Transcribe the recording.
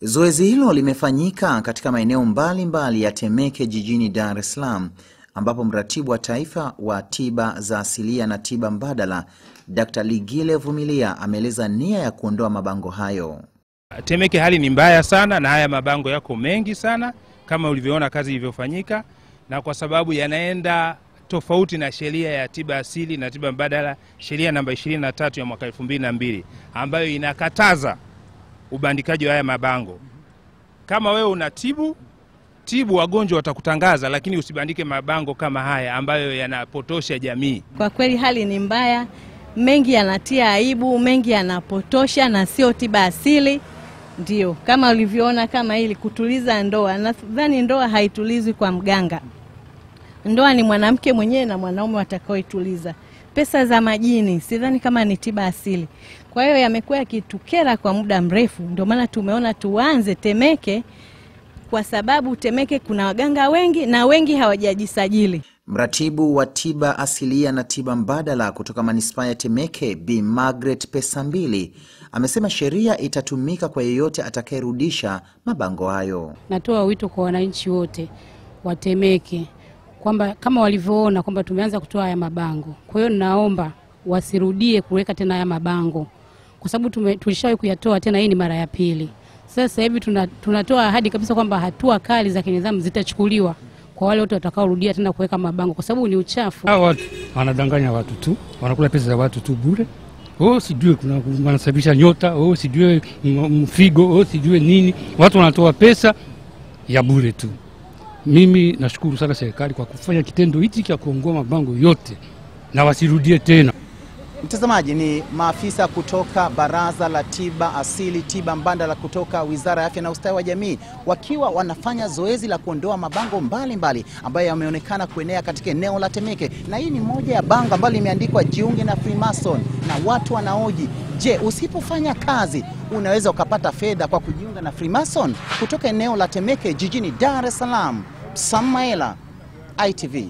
Zoezi hilo limefanyika katika maeneo mbalimbali ya Temeke jijini Dar es Salaam ambapo mratibu wa taifa wa tiba za asilia na tiba mbadala d Ligile Vumilia ameeleza nia ya kuondoa mabango hayo. Temeke hali ni mbaya sana, na haya mabango yako mengi sana kama ulivyoona kazi ilivyofanyika, na kwa sababu yanaenda tofauti na sheria ya tiba asili na tiba mbadala, sheria namba 23 ya mwaka 2002 ambayo inakataza ubandikaji wa haya mabango. Kama wewe unatibu tibu, wagonjwa watakutangaza, lakini usibandike mabango kama haya ambayo yanapotosha jamii. Kwa kweli hali ni mbaya, mengi yanatia aibu, mengi yanapotosha na sio tiba asili. Ndio kama ulivyoona, kama hili kutuliza ndoa, nadhani ndoa haitulizwi kwa mganga. Ndoa ni mwanamke mwenyewe na mwanaume watakaoituliza pesa za majini, sidhani kama ni tiba asili. Kwa hiyo yamekuwa yakitukera kwa muda mrefu, ndio maana tumeona tuanze Temeke kwa sababu Temeke kuna waganga wengi na wengi hawajajisajili. Mratibu wa tiba asilia na tiba mbadala kutoka manispaa ya Temeke, Bi Margaret Mbili amesema sheria itatumika kwa yeyote atakayerudisha mabango hayo. Natoa wito kwa wananchi wote wa Temeke kwamba kama walivyoona kwamba tumeanza kutoa haya mabango. Kwa hiyo naomba wasirudie kuweka tena haya mabango, kwa sababu tulishawahi kuyatoa tena, hii ni mara ya pili. Sasa hivi tuna, tunatoa ahadi kabisa kwamba hatua kali za kinidhamu zitachukuliwa kwa wale wote watakaorudia tena kuweka mabango, kwa sababu ni uchafu. Hawa watu wanadanganya watu tu, wanakula pesa za watu tu bure. Oh, sijue kuna wanasababisha nyota, oh, sijue mfigo, oh, sijue nini. Watu wanatoa pesa ya bure tu. Mimi nashukuru sana serikali kwa kufanya kitendo hichi cha kuongoa mabango yote na wasirudie tena. Mtazamaji, ni maafisa kutoka Baraza la Tiba Asili Tiba Mbadala kutoka Wizara ya Afya na Ustawi wa Jamii wakiwa wanafanya zoezi la kuondoa mabango mbalimbali ambayo yameonekana kuenea katika eneo la Temeke, na hii ni moja ya bango ambalo limeandikwa jiunge na Freemason na watu wanaoji Je, usipofanya kazi unaweza ukapata fedha kwa kujiunga na Freemason? Kutoka eneo la Temeke jijini Dar es Salaam, Samaela, ITV.